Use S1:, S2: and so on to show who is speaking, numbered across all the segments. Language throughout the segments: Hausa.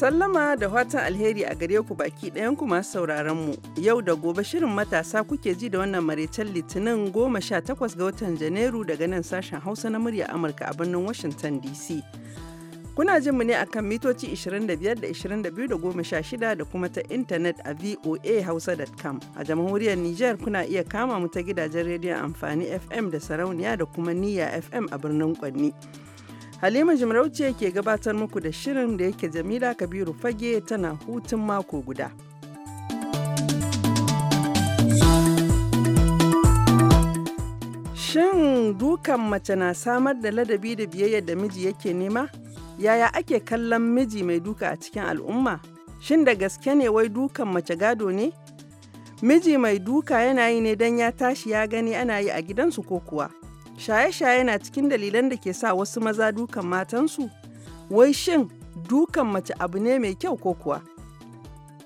S1: Sallama da fatan alheri a gare ku baki ku masu sauraron mu. Yau da gobe shirin matasa kuke ji da wannan maraicen litinin goma sha takwas ga watan Janairu daga nan sashen Hausa na murya Amurka a birnin Washington DC. Kuna jin mu ne akan mitoci 25 da 22 da 16 da kuma ta intanet a voahausa.com. A jamhuriyar Nijar kuna iya kama mu ta gidajen rediyon amfani FM da sarauniya da kuma niyya FM a birnin Kwanni. Halima Jimarauce ke gabatar muku da shirin da yake Jamila Kabiru Fage tana hutun mako guda. Shin dukan mace na samar da ladabi da biyayyar da miji yake nema? Yaya ake kallon miji mai duka a cikin al'umma? Shin da gaske ne wai dukan mace gado ne? Miji mai duka yana yi ne don ya tashi ya gani ana yi a gidansu ko kuwa? shaye-shaye na cikin dalilan da ke sa wasu maza dukan matansu wai shin dukan mace abu ne mai kyau ko kuwa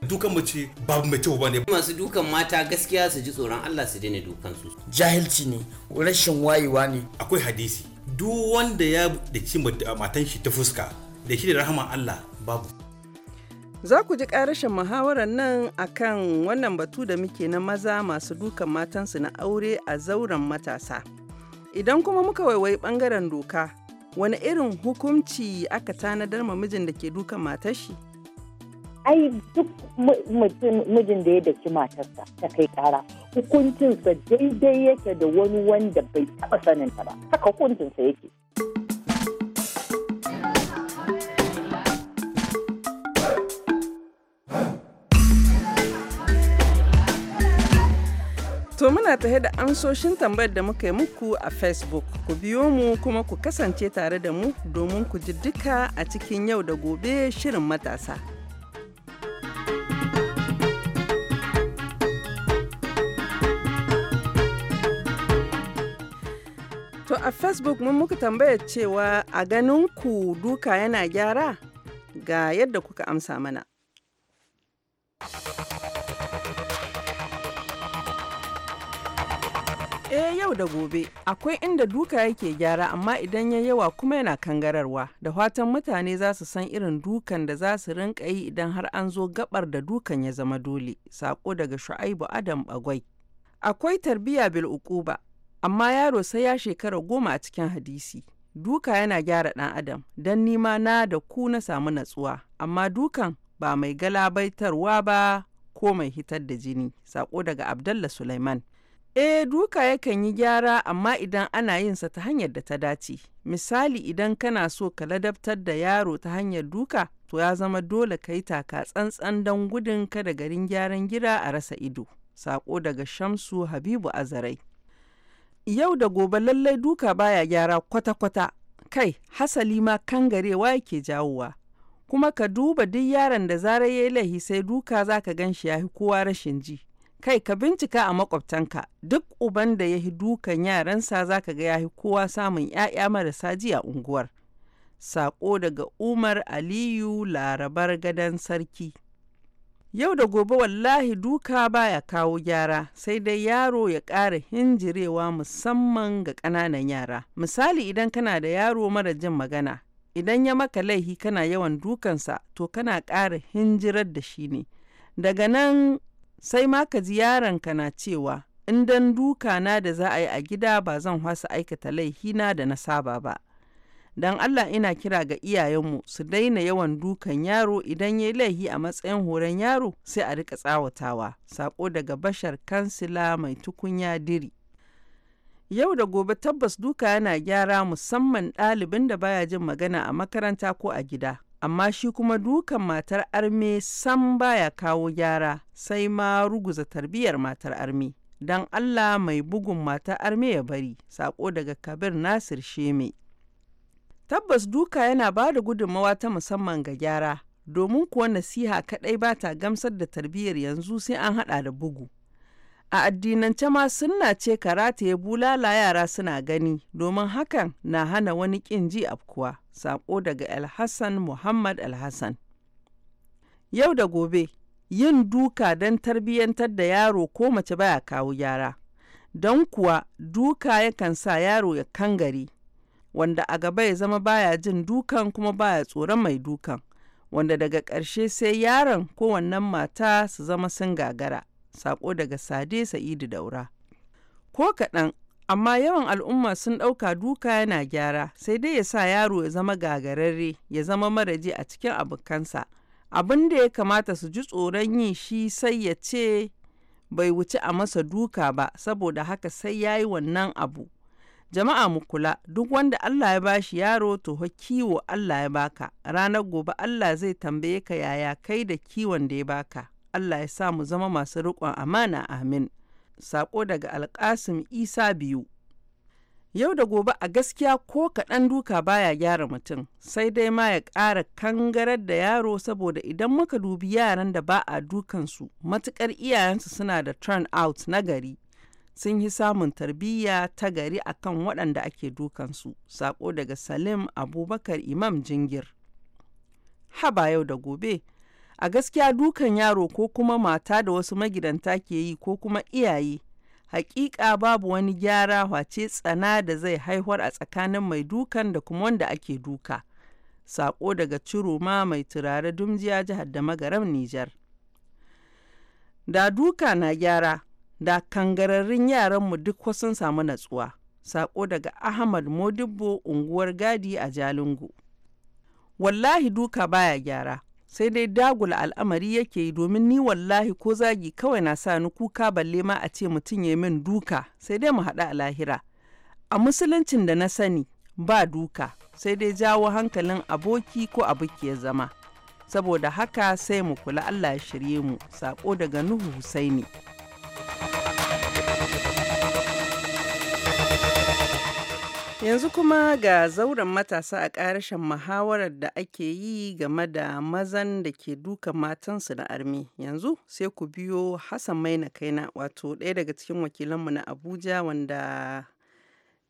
S2: dukan mace babu mai kyau ba ne masu
S3: dukan mata gaskiya su ji tsoron Allah su daina dukan
S2: su jahilci ne rashin wayewa ne akwai hadisi duk wanda ya daci matan shi ta fuska da shi da rahama Allah babu
S1: za ku ji ƙarashin muhawarar nan akan wannan batu da muke na maza masu dukan matansu na aure a zauren matasa Idan kuma muka waiwai bangaren doka, wani irin hukunci aka tanadar ma mijin da ke dukan matar
S4: shi? Ai duk mijin da ya daki matarsa ta kai kara Hukuncinsa daidai yake da wani wanda bai taɓa saninta ba. Haka hukuncinsa yake.
S1: To muna tahe da amsoshin tambayar da muka yi muku a Facebook. Ku biyo mu kuma ku kasance tare da mu domin ku ji duka a cikin yau da gobe shirin matasa. To a Facebook mun muka tambayar cewa a ganin ku duka yana gyara ga yadda kuka amsa mana. Eh yau da gobe akwai inda duka yake gyara amma idan ya yawa kuma yana kangararwa da fatan mutane za su san irin dukan da za su rinka yi idan har an zo gabar da dukan ya zama dole sako daga Shu'aibu Adam Bagwai. Akwai tarbiya bil ukuba amma yaro sai ya shekara goma a cikin hadisi. Duka yana gyara ɗan adam don nima na da ku na samu natsuwa amma dukan ba mai galabaitarwa ba ko mai hitar da jini sako daga Abdallah Sulaiman. Eh duka yakan yi gyara amma idan ana yin sa ta hanyar da ta dace. Misali idan kana so ka ladabtar da yaro ta hanyar duka to ya zama dole ka yi taka tsantsan don gudun kada garin gyaran gida a rasa ido. Sako daga Shamsu Habibu Azarai. Yau da gobe lallai duka baya gyara kwata-kwata. Kai, hasali ma kan kangarewa yake jawowa. Kuma ka duba duk yaron da zarar ya yi laihi sai duka za ka gan shi ya kowa rashin ji. kai ka bincika a makwabtanka duk uban da ya dukan yaransa za ka ga ya kowa samun 'ya'ya marasa ji a unguwar sako daga umar aliyu larabar gadon sarki yau da gobe wallahi duka baya kawo gyara sai dai yaro ya ƙara hinjirewa musamman ga ƙananan yara misali idan kana da yaro mara jin magana idan ya maka laihi kana yawan dukansa to kana ƙara hinjirar da shi ne daga nan sai ma ka ji yaron ka na cewa in dan duka na da za a yi a gida ba zan hwasa aikata na da na saba ba. Don Allah ina kira ga iyayenmu su daina yawan dukan yaro idan ya laihi a matsayin horon yaro sai a rika tsawatawa. Sako daga bashar kansila mai tukunya diri. Yau da gobe tabbas duka yana gyara musamman ɗalibin da baya jin magana a makaranta ko a gida. amma shi kuma dukan matar arme sam baya kawo gyara sai ma ruguza tarbiyyar matar arme don Allah mai bugun matar arme ya bari sako daga kabir nasir sheme tabbas duka yana ba da gudunmawa ta musamman ga gyara domin kuwa nasiha kaɗai ba ta gamsar da tarbiyyar yanzu sai an haɗa da bugu A addinance ma sunna ce karata ya bulala yara suna gani, domin hakan na hana wani ƙin ji afkuwa. Sako daga Alhassan Muhammad Alhassan. Yau da gobe, yin duka don tarbiyyantar da yaro ko mace baya kawo gyara Don kuwa duka yakan sa yaro ya kangare, wanda a gaba ya zama baya jin dukan kuma baya tsoron mai dukan, wanda daga ƙarshe sai yaron ko wannan mata su zama sun gagara. Sako daga Sade Sa'idu Daura. Ko kaɗan, amma yawan al'umma sun ɗauka duka yana gyara, sai dai ya sa yaro ya zama gagararre, ya zama maraji a cikin abokansa. Abin da ya kamata su ji tsoron yi shi sai ya ce bai wuce a masa duka ba, saboda haka sai ya yi wannan abu. Jama'a mu kula, duk wanda Allah ya bashi yaro to ha kiwo Allah ya baka, ranar gobe Allah zai tambaye ka yaya kai da kiwon da ya baka. Allah ya sa mu zama masu riƙon amana amin. Sako daga Alƙasim Isa biyu. Yau da gobe a gaskiya ko kaɗan duka baya gyara mutum, sai dai ma ya ƙara kangarar da yaro saboda idan muka dubi yaran da ba a dukansu matuƙar iyayensu suna da turn out na gari. Sun yi samun tarbiyya ta gari a kan waɗanda ake dukansu, sako daga Salim Abubakar Imam Jingir. Haba yau da gobe. a gaskiya dukan yaro ko kuma mata da wasu magidanta ke yi ko kuma iyaye hakika babu wani gyara wace tsana da zai haihuwar a tsakanin mai dukan da kuma wanda ake duka sako daga ciroma mai turare dumjiya jihar da magaram nijar da duka na gyara da kangararrun yaranmu duk sun samu natsuwa sako daga ahmad modibbo unguwar gadi a jalingo wallahi duka baya gyara sai dai dagula al'amari yake yi domin ni wallahi ko zagi kawai na sa ni kuka balle ma a ce mutum ya min duka sai dai mu haɗa a lahira a musuluncin da na sani ba duka sai dai jawo hankalin aboki ko abuki ya zama saboda haka sai mu kula Allah ya shirye mu sako daga Nuhu Husaini Yanzu kuma ga zauren matasa a ƙarashen muhawarar da ake yi game da mazan da ke duka matansu na armi. Yanzu sai ku biyo Hassan Maina Kaina wato ɗaya daga cikin wakilanmu na Abuja wanda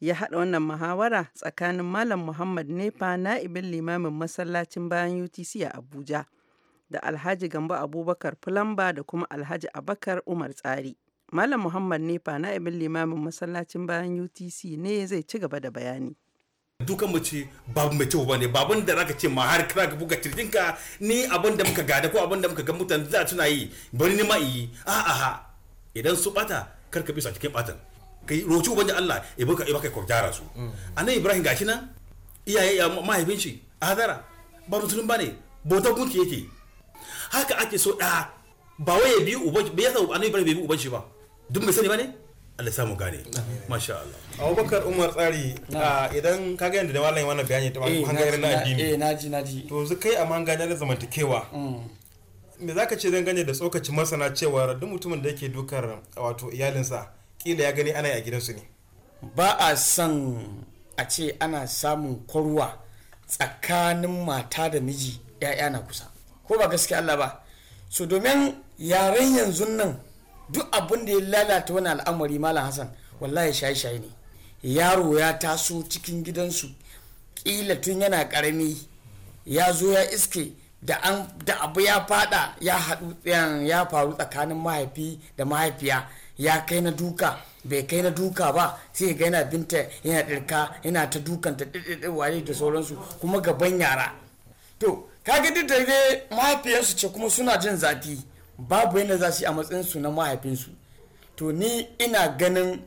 S1: ya haɗa wannan muhawara tsakanin Malam Muhammad Nefa na'ibin limamin masallacin bayan UTC a Abuja da Alhaji Gambo Abubakar Fulamba da kuma Alhaji Abakar Umar Tsari. Malam Muhammad Nefa na ibin limamin masallacin bayan UTC ne zai ci gaba da bayani.
S2: dukan ce babu mai kyau ba ne babun da zaka ce ma har kira ka buga kirjinka ni abin da muka gada ko abin da muka ga mutane za na yi bari ni ma yi ha idan su bata kar ka bisa cikin batan kai roci ubanji Allah e baka e baka ko jara su mm. anan Ibrahim gashi nan iyaye ya mahaifin shi azara ba musulun bane bota gunki yake haka ake so da ba waye biyu ubanji ba yasa anan Ibrahim bai bi ubanji ba duk mai sani ba ne Allah samu gane masha Allah Abubakar Umar tsari idan ka ga yanda da malamin wannan bayani ta hangaren eh, na addini eh naji naji to zu kai a hangaren da zamantakewa mm. me zaka ce dangane da tsokaci masana cewa duk mutumin da yake dukar wato iyalinsa kila ya gani ana yi a gidansu ne ba a san a ce
S5: ana samun kwarwa tsakanin mata da miji ya'ya na kusa ko ba gaskiya Allah ba so domin yaren yanzu nan duk abin da ya lalata wani al'amari malam hassan wallahi shaye-shaye ne yaro ya taso cikin gidansu kila tun yana karami ya zo ya iske da abu ya fada ya haɗu ya faru tsakanin mahaifi da mahaifiya ya kai na duka bai kai na duka ba sai ga yana binta yana dirka yana ta dukanta waye da sauransu kuma gaban yara to kaga duk da mahaifiyarsu ce kuma suna jin zafi babu yadda za su yi a matsayinsu na mahaifinsu to ni ina ganin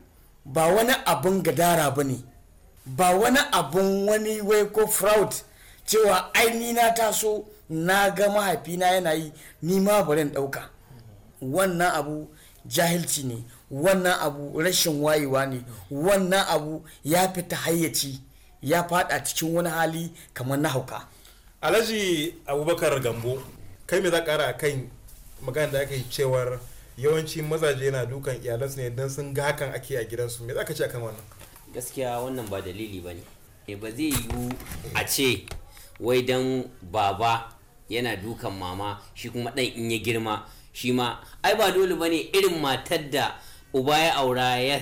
S5: ba wani abun gadara ba ne ba wani abun wani wai ko fraud cewa aini na taso na ga mahaifina yana yi ni ma bari in ɗauka wannan abu jahilci ne wannan abu rashin wayewa ne wannan abu ya fita hayyaci
S2: ya fada cikin wani hali kamar na hauka alhaji abubakar gambo kai me za ƙara kan magana da aka yi cewar yawanci mazaje na dukan iyalansu ne don sun ga hakan ake a gidansu me za ka ce akan wannan
S3: gaskiya wannan ba dalili ba ne eh, ba zai yiwu a ce wai dan baba yana dukan mama shi kuma dan in ya girma shi ma ai ba dole ba ne irin matar da uba ya aura ya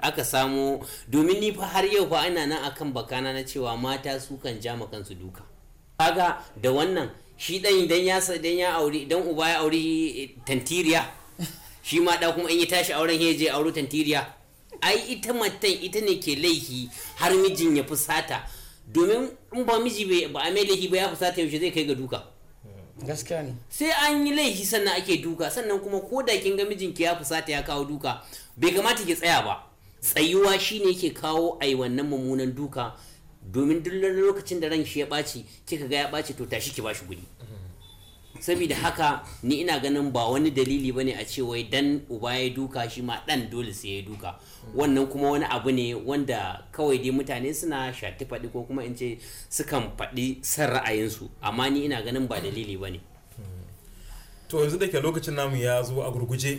S3: aka samu domin ni fa har yau fa ana nan akan bakana na cewa mata su kan jama kansu duka kaga da wannan shi ɗan idan ya idan ya aure idan uba ya auri eh, tantiriya shi ma ɗa kuma in ya tashi auren ya je auri tantiriya ai ita matan ita ne ke laifi har mijin ya fusata domin in ba miji ba a mai ba ya fusata yaushe zai kai ga duka
S5: hmm. gaskiya ne
S3: sai an yi laifi sannan ake duka sannan kuma ko da kin ga mijinki ya fusata ya kawo duka bai kamata ki tsaya ba tsayuwa shine ke kawo ai wannan mummunan duka domin duk lokacin da ran shi ya ɓaci kika ga ya ɓaci to tashi ki bashi guri saboda haka ni ina ganin ba wani dalili bane a ce wai dan uba ya duka shi ma dan dole sai ya duka wannan kuma wani abu ne wanda kawai dai mutane suna shati faɗi ko kuma in ce sukan faɗi san ra'ayinsu amma ni ina ganin ba dalili bane
S2: to yanzu da ke lokacin namu ya zo a gurguje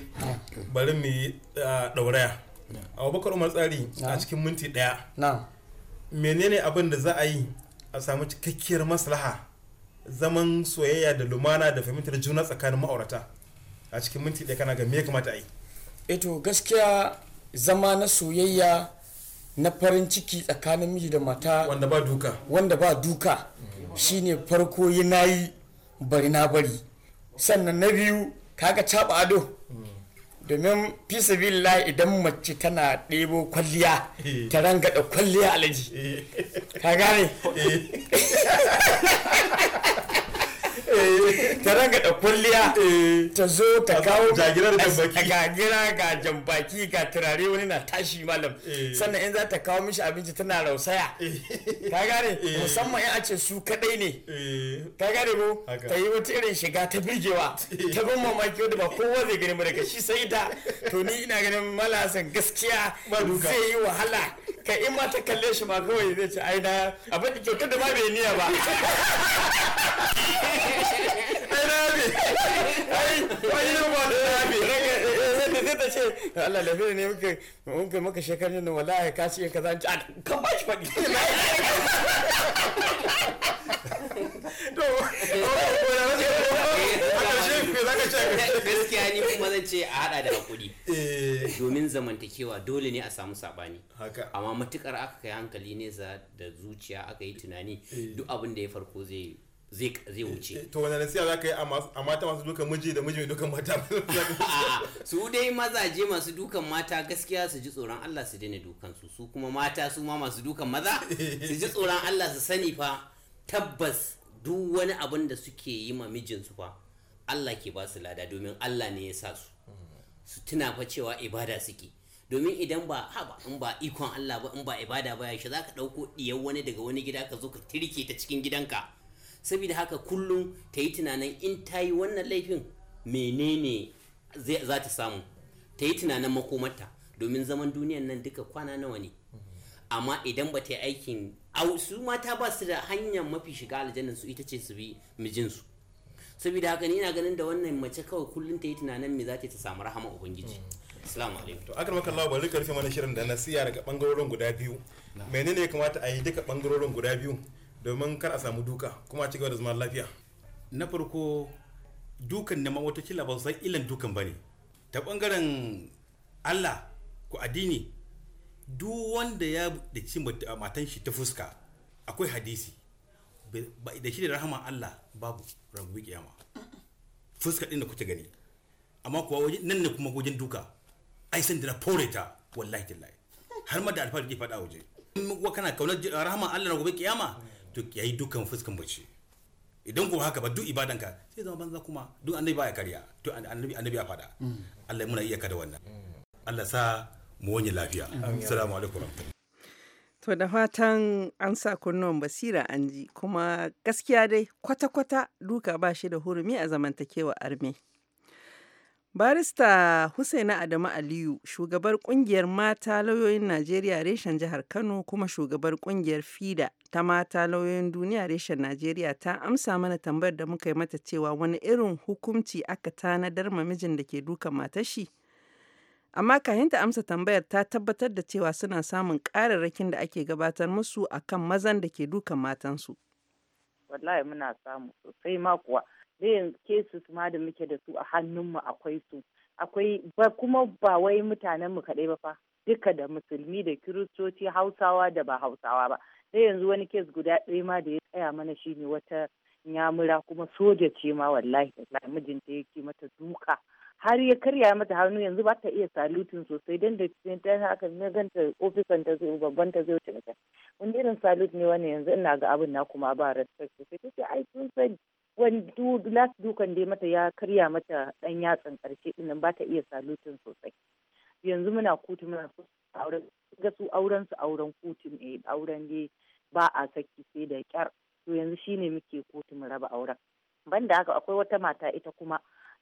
S2: bari mu yi ah, ɗauraya abubakar umar tsari a cikin minti daya. menene abin da za a yi a samu cikakkiyar maslaha zaman soyayya da lumana da fahimtar juna tsakanin ma'aurata a cikin minti ɗaya kana ga me ya kamata a yi eto eh gaskiya zama na soyayya na farin ciki tsakanin miji da mata
S5: wanda ba duka wanda ba duka shine farko yi nayi bari na bari sannan na biyu kaga caba ado domin fisa idan mace tana ɗebo kwalliya ta rangada kwalliya alaji eh. ka gane eh. Eh, ta ranga da kwalliya eh, ta zo ta kawo jagirar gagira ga jambaki ga turare wani na tashi malam eh. sannan in za ta kawo mishi abinci tana rausaya ka gane musamman in a ce su kadai ne ka gane ko ta yi wata irin shiga ta birgewa ta ban mamaki wadda ba kowa zai gani ba daga shi sai ta to ni ina ganin malasan gaskiya zai yi wahala ka in ma ta kalle shi ma kawai zai ce ai na abin da kyautar da ma bai niya ba ai
S1: bi ai wani na ba da
S5: zai ta ce Allah ne muka muka shekarun nan wallahi ka ce ba shi faɗi
S3: to gaskiya ni kuma zan ce a hada da hakuri eh. domin zamantakewa dole ne a samu sabani amma matukar aka kai hankali ne za da zuciya aka yi tunani eh. duk abin da ya farko zai zai wuce eh,
S2: to wani nasiya za ka yi a mata masu dukan miji da miji mai dukan mata su dai mazaje masu dukan
S3: mata gaskiya su ji tsoron Allah su daina dukan su su kuma mata su ma masu dukan maza su ji tsoron Allah su sani fa tabbas duk wani abin da suke yi ma mijinsu fa Allah ke ba su lada domin Allah ne ya sa su su tuna fa cewa ibada suke domin idan ba ba in ba ikon Allah ba in ba ibada ba ya yaushe zaka dauko diyar wani daga wani gida ka zo ka tirke ta cikin gidanka saboda haka kullum ta yi tunanin in ta yi wannan laifin menene za ta samu ta yi tunanin makomarta domin zaman duniyan nan duka kwana nawa ne amma idan ba ta yi aikin su mata ba su da hanyar mafi shiga aljannan su ita ce su bi mijinsu saboda haka ni ina ganin da wannan mace kawai kullum ta yi tunanin me za ta ta samu rahama ubangiji
S2: assalamu alaikum to akar maka Allah bari karfe mana shirin da na nasiya daga bangarorin guda biyu menene ya kamata a yi duka bangarorin guda biyu domin kar a samu duka kuma a cigaba da zaman lafiya na farko dukan da mawatocila ba san ilan dukan bane ta bangaren Allah ko addini duk wanda ya da cin matan shi ta fuska akwai hadisi da shi da rahama Allah babu rangobi kiyama fuska din da kuke gani amma kuwa waje nan ne kuma wajen duka ai san da fore ta wallahi tallahi har ma da alfahari ke faɗa waje in kuwa kana kaunar rahama Allah rangobi kiyama to yayi dukan fuskan bace idan ko haka ba duk ibadanka sai zama banza kuma duk annabi baya karya to annabi annabi ya fada mm. Allah muna iya kada wannan Allah sa mu wani lafiya assalamu alaikum
S1: To da fatan an sa kunnuwan basira an ji kuma gaskiya dai kwata-kwata duka ba shi da hurumi a zamantakewa arme. Barista hussaina Adamu Aliyu, shugabar kungiyar mata lauyoyin Najeriya reshen jihar Kano kuma shugabar kungiyar FIDA ta mata lauyoyin duniya reshen Najeriya ta amsa mana tambayar da muka yi mata cewa wani irin hukunci aka tanadar mijin da ke duka matashi. shi. amma kahin ta amsa tambayar ta tabbatar da cewa suna samun ƙararrakin da ake gabatar musu a kan mazan da ke dukan matansu.
S4: Wallahi muna samu sosai ma kuwa. kesu su ma da muke da su a hannunmu akwai su. Akwai ba kuma ba wai mutanen mu kaɗai ba fa. Duka da musulmi da kiristoci hausawa da ba hausawa ba. Da yanzu wani kes guda ɗaya ma da ya tsaya mana shi ne wata nyamura kuma soja ce ma wallahi wallahi mijinta yake mata duka. har ya karya mata hannu yanzu ba ta iya salutin sosai don da ta haka na ganta ofisan ta zai babban ta zai wuce wani irin salut ne wani yanzu ina ga abin na kuma ba respect sosai ta ce ai sun san wani last dukan dai mata ya karya mata dan yatsan karshe dinnan ba ta iya salutin sosai yanzu muna kutu muna auren ga su auren su auren kutu ne auren dai ba a saki sai da kyar to yanzu shine muke kotu mu raba auren banda haka akwai wata mata ita kuma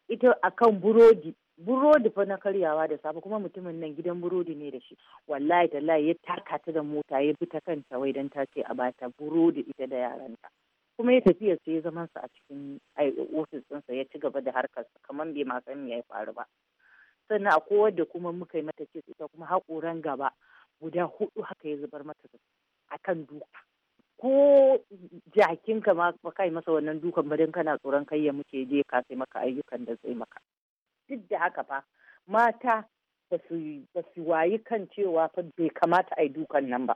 S4: ita akan burodi burodi fa na karyawa da safe kuma mutumin nan gidan burodi ne da shi wallahi da ya taka ta da mota ya bi ta kanta wai dan ta ce a bata burodi ita da yaranta kuma ya tafi sai ya zaman sa a cikin ofis ɗinsa ya ci gaba da harkarsa kamar bai ma san ya faru ba sannan akwai wadda kuma muka yi mata kisa ita kuma hakoran gaba guda hudu haka ya zubar mata akan duka ko jakinka ma ba kai masa wannan dukan ba don kana tsoron kai ya muke je ka sai maka ayyukan da zai maka duk da haka fa mata ba su wayi kan cewa fa bai kamata a yi dukan nan ba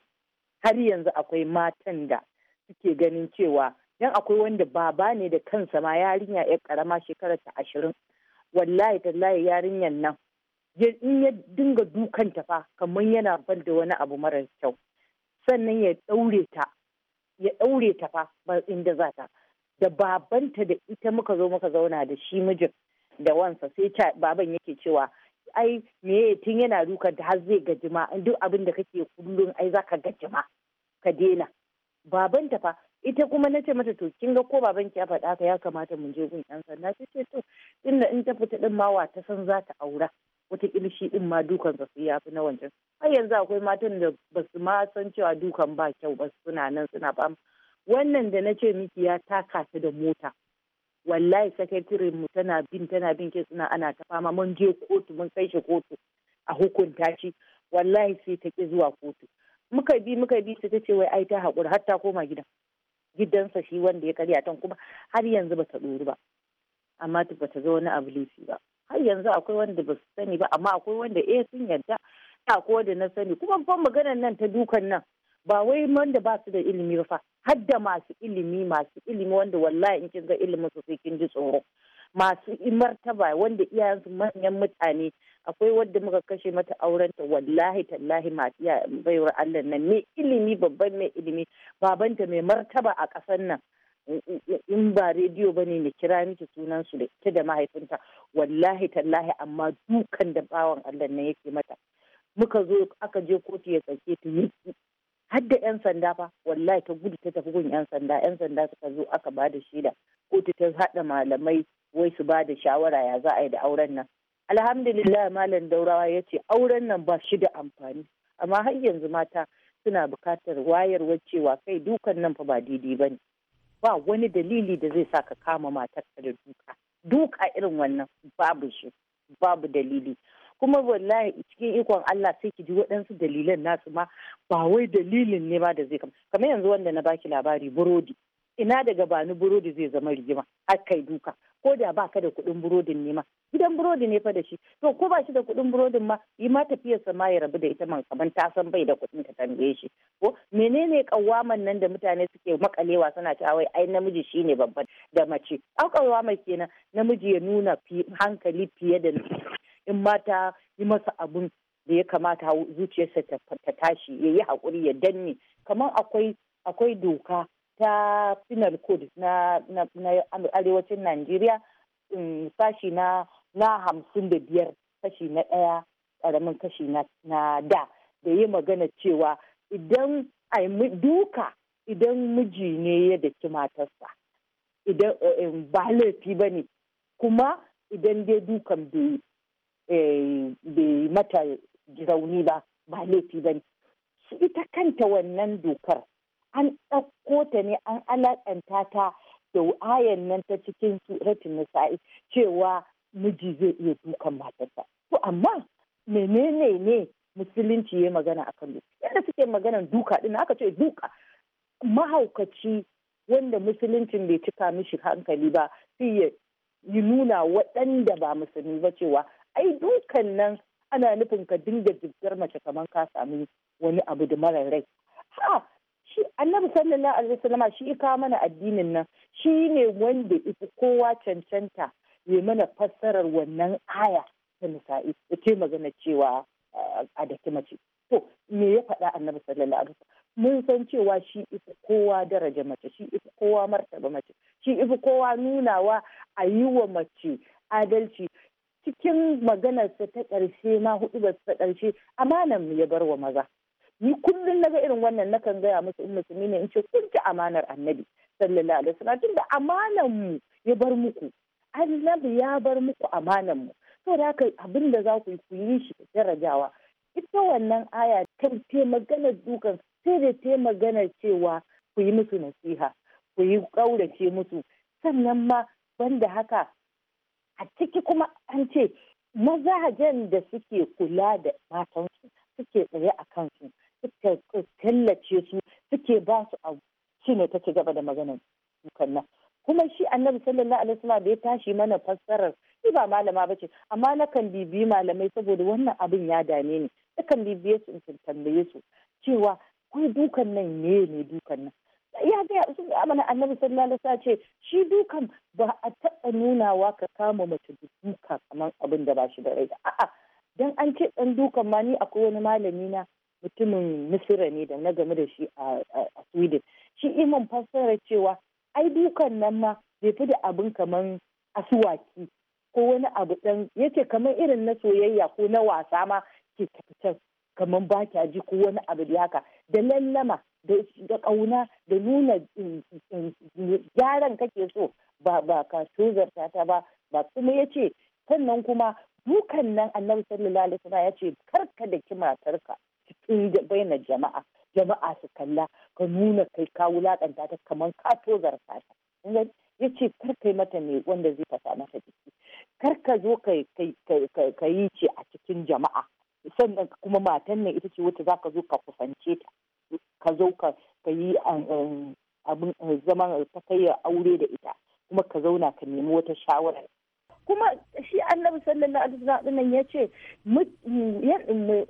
S4: har yanzu akwai matan da suke ganin cewa dan akwai wanda baba ne da kansa ma yarinya ya karama shekarar ta ashirin wallahi tallahi yarinyar nan in ya dinga dukanta fa kamar yana bar da wani abu mara kyau sannan ya ɗaure ta ya ɗaure ta fa inda za ta da babanta da ita muka zo muka zauna da shi mijin da wansa sai baban yake cewa ai me tun yana dukan da har zai gajima duk abin da kake kullum ai zaka gajima ka daina baban ta fa ita kuma na ce mata to kin ga ko baban ki ya faɗa ka ya kamata mu je gun yan sanda ta ce to tunda in ta fita din ma wa ta san za ta aura wataƙila shi ɗin ma dukan su ya fi na wancan har yanzu akwai matan da ba su ma san cewa dukan ba kyau ba suna nan suna ba wannan da na ce miki ya taka ta da mota wallahi sakatirin mu tana bin tana bin ke suna ana ta fama mun je kotu mun kai shi kotu a hukunta shi wallahi sai ta ki zuwa kotu muka bi muka bi ta ce wai ai ta haƙura har ta koma gidan gidansa shi wanda ya karya tan kuma har yanzu ba ta ɗori ba amma ba ta zo wani abu ba har yanzu akwai wanda ba su sani ba amma akwai wanda eh sun yarda ko da na sani kuma babban maganar nan ta dukan nan ba wai wanda ba su da ilimi ba fa har da masu ilimi masu ilimi wanda wallahi in kin ga ilimin su sai kin ji tsoro masu martaba wanda iyayensu manyan mutane akwai wanda muka kashe mata aurenta wallahi tallahi masu baiwar Allah nan mai ilimi babban mai ilimi babanta mai martaba a ƙasar nan in ba rediyo ba ne na kira miki sunan su da ita da mahaifinta wallahi tallahi amma dukan da bawan Allah ne yake mata muka zo aka je kotu ya sake ta yi. har yan sanda fa wallahi ta gudu ta tafi gun yan sanda yan sanda suka zo aka ba da shaida kotu ta hada malamai wai su ba da shawara ya za a yi da auren nan alhamdulillah malam daurawa ya ce auren nan ba shi da amfani amma har yanzu mata suna bukatar wayarwar cewa kai dukan nan fa ba daidai ba ne ba wani dalili da zai sa ka kama matar da duka duka irin wannan babu shi babu dalili kuma wallahi cikin ikon Allah sai ki ji waɗansu dalilan nasu ma ba wai dalilin ne ma da zai kama kamar yanzu wanda na baki labari burodi ina daga bani burodi zai zama rigima har kai duka ko da ba ka da kuɗin burodin ne ma gidan burodi ne fa da shi to ko ba shi da kuɗin burodin ma yi ma sa ma ya rabu da ita man kaman ta san bai da kuɗin ta tambaye shi ko menene kawaman nan da mutane suke makalewa suna cewa wai ai namiji shine babban da mace au kawama kenan namiji ya nuna hankali fiye da in mata yi masa abun da ya kamata zuciyarsa ta tashi ya yi haƙuri ya danne kamar akwai akwai doka ta penal code na, na, na arewacin najeriya um, sashi na na hamsin da biyar kashi na ɗaya ƙaramin kashi na, na da da yi magana cewa idan ai duka idan miji ne ya da matarsa idan eh, eh, ba laifi ba ne kuma idan dai dukan bai eh, mata rauni ba ba laifi ba ne ita kanta wannan dokar an ɗauko ta ne an alaƙanta ta da ayan nan ta cikin suratun nisa'i cewa miji zai iya dukan matarsa to amma menene ne musulunci ya magana kan duka yadda suke maganan duka ɗin aka ce duka mahaukaci wanda musuluncin bai cika mishi hankali ba sai ya yi nuna waɗanda ba musulmi ba cewa ai dukan nan ana nufin ka dinga jibgar mace kamar ka sami wani abu da marar rai ha shi annabi sallallahu alaihi wasallama shi ya mana addinin nan shi ne wanda ifi kowa cancanta ya mana fassarar wannan aya ta nisa'i da ke magana cewa a daki mace to me ya faɗa annabi sallallahu alaihi mun san cewa shi ifi kowa daraja mace shi ifi kowa martaba mace shi ifi kowa nunawa a yi wa mace adalci cikin maganarsa ta ƙarshe ma hudu ta ƙarshe amanan ya bar wa maza ni kullum na ga irin wannan nakan gaya musu in musulmi ne in ce kun ci amanar annabi sallallahu alaihi wasallam tunda amanan mu ya bar muku annabi ya bar muku amanan mu da haka abin da za ku yi shi yi shi darajawa ita wannan aya ta ce maganar dukan sai da ta magana cewa ku yi musu nasiha ku yi kaurace musu sannan ma banda haka a ciki kuma an ce mazajen da suke kula da matansu suke tsaye a kansu suka tallace su suke ba su abu shi ne ta ci gaba da maganar dukkan nan kuma shi annabi sallallahu alaihi wasallam da ya tashi mana fassarar ni ba malama bace amma na kan bibiyi malamai saboda wannan abin ya dame ni nakan bibiye su in tambaye su cewa kai dukan nan ne ne dukan nan ya ga su ga annabi sallallahu alaihi wasallam ce shi dukan ba a taɓa nunawa ka kama mace duka kamar abin da ba shi da rai a'a dan an ce dan dukan ma ni akwai wani malami na mutumin misira ne da na game da shi a sweden shi iman fassara cewa ai dukan nan ma bai fi da abin kamar asuwaki ko wani abu dan yake kamar irin na soyayya ko na wasa ma ke tafitar kamar ba kya ji ko wani abu da haka da lallama da ƙauna da nuna gyaran kake so ba ba ka tozarta ta ba ba kuma yace sannan kuma dukan nan annabi sallallahu alaihi wasallam ya ce karka da ki matarka inda bayyana jama'a jama'a su kalla ka nuna kai ka wulakanta ta kamar ka zarfa ta ya ce kar kai mata ne wanda zai fasa mata jiki kar ka zo ka yi ce a cikin jama'a sannan kuma matan nan ita ce wata za ka zo ka kusance ta ka zo ka yi um, um, abin um, zaman kai aure da ita kuma ka zauna ka nemi wata shawara kuma shi annabi sallallahu alaihi wasallam ya ce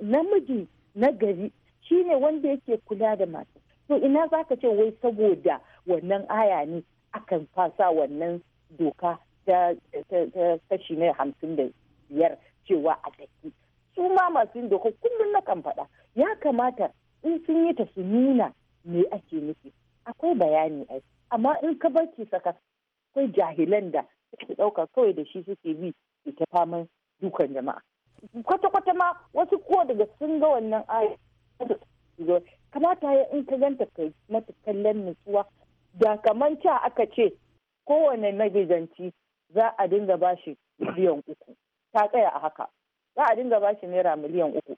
S4: namiji na gari shine wanda yake kula da mata to ina za ka ce wai saboda wannan aya ne akan fasa wannan doka ta kashi na hamsin da biyar cewa a daki su ma masu yin doka kullum na kan faɗa ya kamata in sun yi ta su nuna me ake nufi akwai bayani ai amma in ka barci saka akwai jahilan da suke ɗauka kawai da shi suke bi ita faman dukan jama'a kwata-kwata ma wasu ko daga sun ga wannan aya kamata ya in ka ganta kai mata kallon nutsuwa da kaman ca aka ce kowane magidanci za a dinga bashi miliyan uku ta tsaya a haka za a dinga bashi naira miliyan uku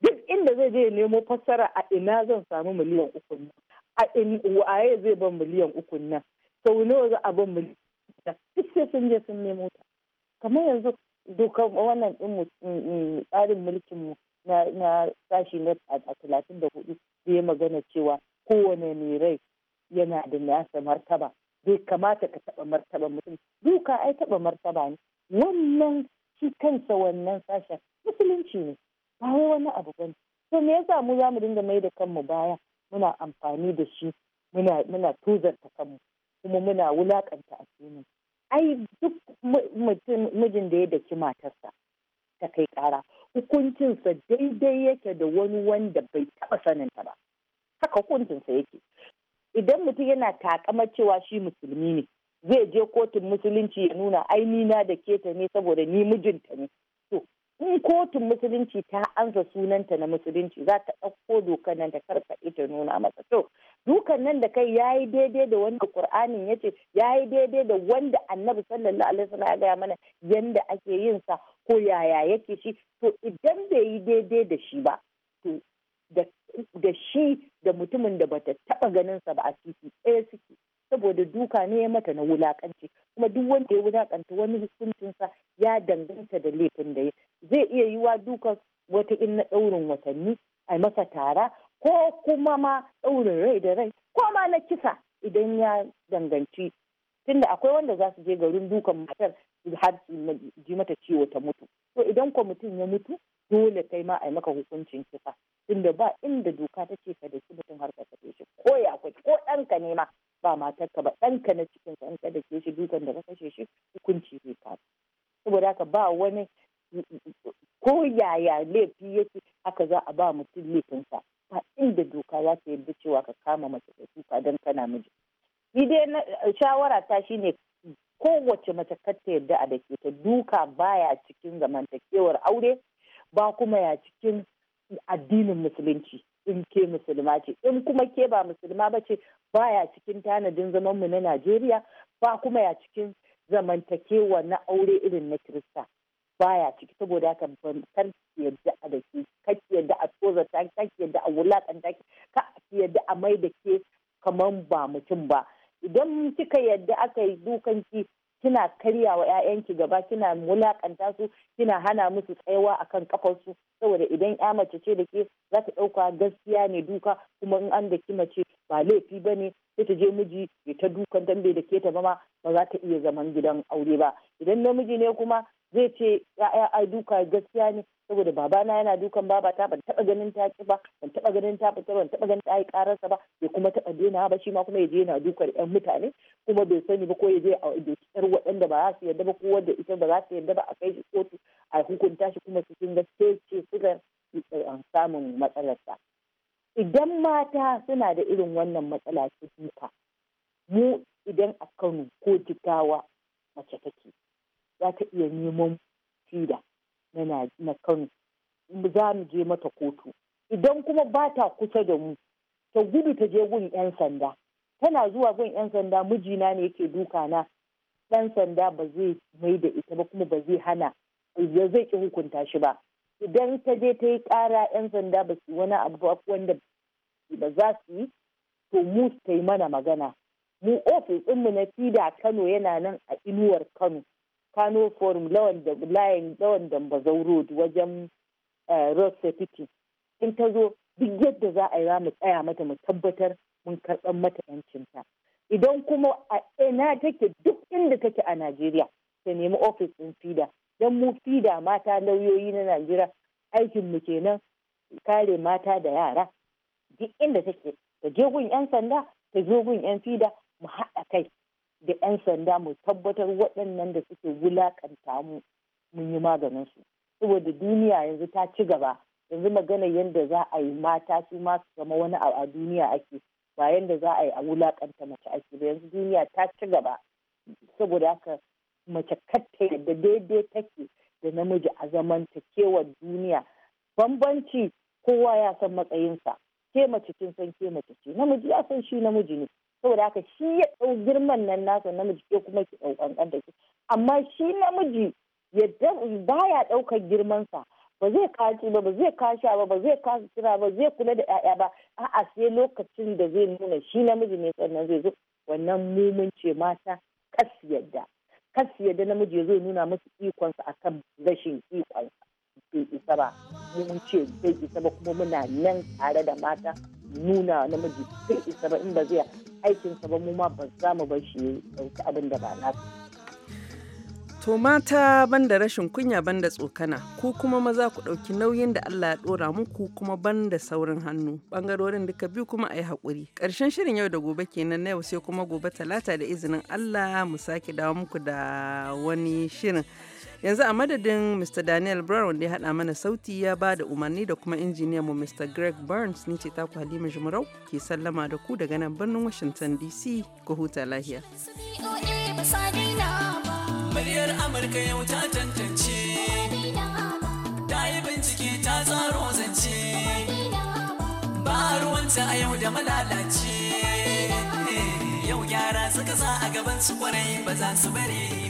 S4: duk inda zai je nemo fassara a ina zan samu miliyan uku nan a in waye zai ban miliyan uku nan sau nawa za a ban miliyan duk sai sun je sun nemo ta kamar yanzu dokar wannan din mm, mm, tsarin mulkin mu na sashi na talatin da hudu da ya magana cewa kowane mai rai yana da nasa martaba bai kamata ka taba martaba mutum duka ai taba martaba ne wannan shi kansa wannan sashen musulunci ne ba wani abu bane to me yasa mu za mu dinga mai da kanmu baya muna amfani da shi muna muna tuzarta kanmu kuma muna wulakanta asirin ai duk mijin da ya daki matarsa ta kai kara hukuncinsa daidai yake da wani wanda bai taɓa saninta ba haka hukuncinsa yake idan mutum yana takamar cewa shi musulmi ne zai je kotun musulunci ya nuna ai ni na da keta ne saboda ni mijinta ne in kotun musulunci ta ansa sunanta na musulunci za ta ɗauko dokar nan ta karkaɗe ta nuna masa to dukan nan da kai ya yi daidai da wanda qur'anin ya ce ya yi daidai da wanda annabi sallallahu alaihi wasallam ya gaya mana yanda ake yin sa ko yaya yake shi to idan bai yi daidai da shi ba to da shi da mutumin da bata taɓa ganin sa ba a titi ɗaya suke saboda duka ne ya mata na wulakanci kuma duk wanda ya wulakanta wani hukuncinsa ya danganta da laifin da ya zai iya yiwa dukan wata in na ɗaurin watanni a masa tara ko kuma ma ɗaurin rai da rai ko ma na kisa idan ya danganci tunda akwai wanda za su je garin dukan matar har ji mata ciwo ta mutu to idan kwamitin ya mutu dole kai ma a maka hukuncin kisa tunda ba inda doka ta ce ka da shi mutum har ka kashe shi ko ya ko ɗanka ne ma ba matarka ba ɗanka na cikin ka ka da shi dukan da ka kashe shi hukunci zai kawo saboda haka ba wani ko yaya laifi yake haka za a ba mutum laifinsa ba inda doka za ta yarda cewa ka kama mace da duka don kana miji ni dai shawara ta shine kowace mace kar ta yarda a dake ta duka baya cikin zamantakewar aure ba kuma ya cikin addinin musulunci in ke musulma ce in kuma ke ba musulma ba ce baya cikin tanadin zamanmu na najeriya ba kuma ya cikin zamantakewa na aure irin na kirista Ba ya ciki saboda haka kar ki yadda a dake, kake yadda a tsoza ta kake yadda a wulakanta ki ki yadda a mai da ke kaman ba mutum ba idan kika yadda aka yi dukan kina karya wa 'ya'yanki gaba kina mulakanta su kina hana musu tsayawa kan kafarsu saboda idan ya mace ce da ke za ta ɗauka gaskiya ne duka kuma in an da ki mace ba laifi ba ne sai ta je miji ya ta dukan dambe da ke ta ba ma ba za ta iya zaman gidan aure ba idan namiji ne kuma zai ce ya'ya ai duka gaskiya ne saboda babana yana dukan babata ban taba ganin ta ba ban taba ganin ta fita ban taba ganin ta yi kararsa ba bai kuma taba dena ba shi ma kuma yaje yana dukar yan mutane kuma bai sani ba ko yaje a dokar waɗanda ba za su yarda ba ko wanda ita ba za su yarda ba a kai shi kotu a hukunta shi kuma su cikin sai ce suka eh, samun matsalarsa idan mata suna da irin wannan matsala ta duka mu idan a Kano ko Jigawa mace take za ta iya neman fida na kano za mu je mata kotu idan kuma ba ta kusa da mu ta gudu ta je gun 'yan sanda tana zuwa gun 'yan sanda mijina ne yake duka na ɗan sanda ba zai mai da ita ba kuma ba zai hana ya zai ki hukunta shi ba idan ta je ta yi ƙara 'yan sanda ba su wani abu wanda ba za su yi to mu ta yi mana magana mu ofis ɗinmu na fida kano yana nan a inuwar kano kano forum layin lawan dambazau road wajen eh, road safety in ta zo duk yadda za a yi za mu tsaya mata mu tabbatar mun karɓar mata yancinta idan kuma a ina take duk inda take a najeriya ta nemi ofis ɗin fida don mu fida mata lauyoyi na najeriya aikin mu kenan kare mata da yara duk inda take ta je gun yan sanda ta je gun yan fida mu haɗa kai da 'yan sanda mu tabbatar waɗannan da suke wulakanta mu mun yi maganin su saboda duniya yanzu ta ci gaba yanzu magana yadda za a yi mata su ma su zama wani abu a duniya ake ba yadda za a yi a wulakanta mace ake ba yanzu duniya ta ci gaba saboda haka mace katta yadda daidai take da namiji a kewar duniya bambanci kowa ya san matsayinsa ke mace kin san ke mace ce namiji ya san shi namiji ne saboda haka shi ya ɗau girman nan nasa namiji ke kuma ki ɗau ƙanƙan da shi amma shi namiji ya baya ɗaukar girmansa ba zai kaci ba ba zai kasha ba ba zai kasa kira ba zai kula da 'ya'ya ba a'a sai lokacin da zai nuna shi namiji ne sannan zai zo wannan mumun ce mata kas yadda kas yadda namiji ya zo nuna musu ikonsa akan rashin ikonsa bai isa ba mun ce bai isa ba kuma muna nan tare da mata nuna namiji bai isa ba in ba zai aikinsa ba mu ma ba za mu bar shi ɗauki abin da ba nasu. To
S1: mata banda rashin kunya banda tsokana ku kuma maza ku ɗauki nauyin da Allah ya ɗora muku kuma banda saurin hannu ɓangarorin duka biyu kuma a yi haƙuri. Ƙarshen shirin yau da gobe kenan na yau sai kuma gobe talata da izinin Allah mu sake dawo muku da wani shirin. yanzu a madadin mr daniel brown wanda ya haɗa mana sauti ya ba da umarni da kuma injiniyan mu mr greg burns ni ce ta ku halima jimarau ke sallama da ku daga nan birnin washington dc ku huta lahiya muryar amurka yau ta tantance ta yi bincike ta tsaro zance ba ruwanta a yau da malalace yau gyara suka sa a gaban su kwarai ba za su bari